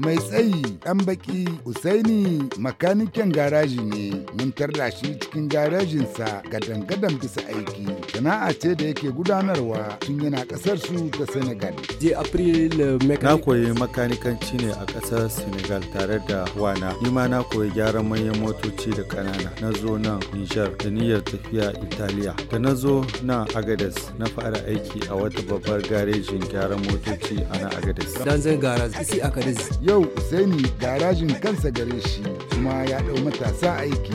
mai tsayi ɗan baki usaini makanikin garaji ne mun tarda shi cikin garajinsa gadan-gadan bisa aiki sana'a ce da yake gudanarwa tun yana ƙasar su ta senegal eh, na koyi makanikanci ne a ƙasar senegal tare da wana ni ma na koyi gyaran manyan motoci da ƙanana na zo nan nijar da niyyar tafiya italiya da na zo nan agades na fara aiki a wata babbar garejin gyaran motoci a na agades yau usaini garajin kansa gare shi kuma ya ɗau matasa aiki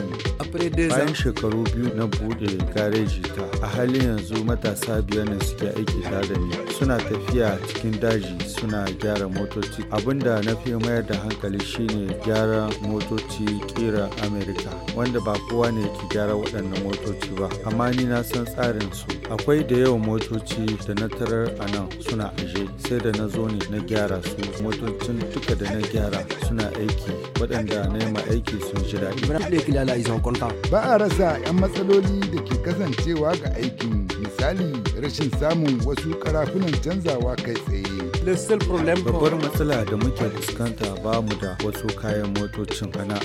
bayan shekaru biyu na buɗe gareji ta a halin yanzu matasa biyar ne suke aiki tare ne. suna tafiya cikin daji suna gyara motoci abinda na fi mayar da hankali shine gyara motoci kira amerika wanda ba kowa ne ke gyara waɗannan motoci ba amma ni na san tsarin su akwai da yawan motoci da na tarar a nan suna aje sai da na zo ne na gyara su motocin duka da na gyara suna aiki waɗanda na yi aiki sun ji daɗi ba a rasa 'yan matsaloli da ke kasancewa ga aikin misali rashin samun wasu karafunan canzawa kai tsaye babbar matsala da muke fuskanta ba mu da wasu kayan motocin a nan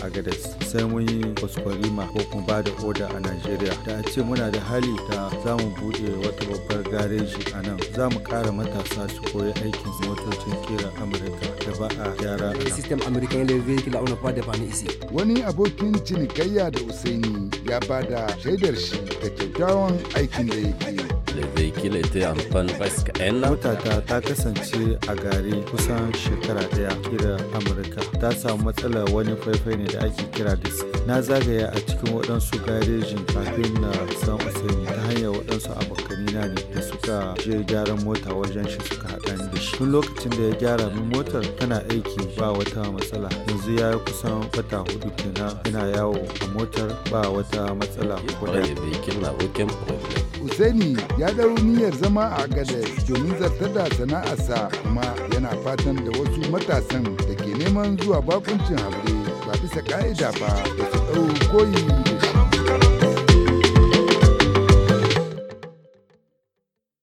sai mun yi kwaskwarima ko kuma ba da oda a najeriya da a ce muna da hali da za mu buɗe wata babbar gareji a nan za mu ƙara matasa su koyi aikin motocin kera amurka da ba a yara wani abokin cinikayya da usaini ya ba da shaidar shi da kyakkyawan aikin da yake qu'il était en fasika. Motata ta kasance a gari kusan shekara daya kira Amurka. Ta samu matsalar wani faifai ne da ake kira da Na zagaya a cikin waɗansu garejin kafin na san Usaini ta hanyar waɗansu na ne da suka je gyaran mota wajen shi suka haɗa da shi. Tun lokacin da ya gyara min motar tana aiki ba wata matsala. Yanzu ya yi kusan wata hudu kenan ina yawo a motar ba wata matsala. Kwarai da kin na Usaini ya ɗaro niyyar zama a Agadez domin zartar da sa kuma yana fatan da wasu matasan da ke neman zuwa bakuncin habre ba bisa ka'ida ba da su ɗau koyi da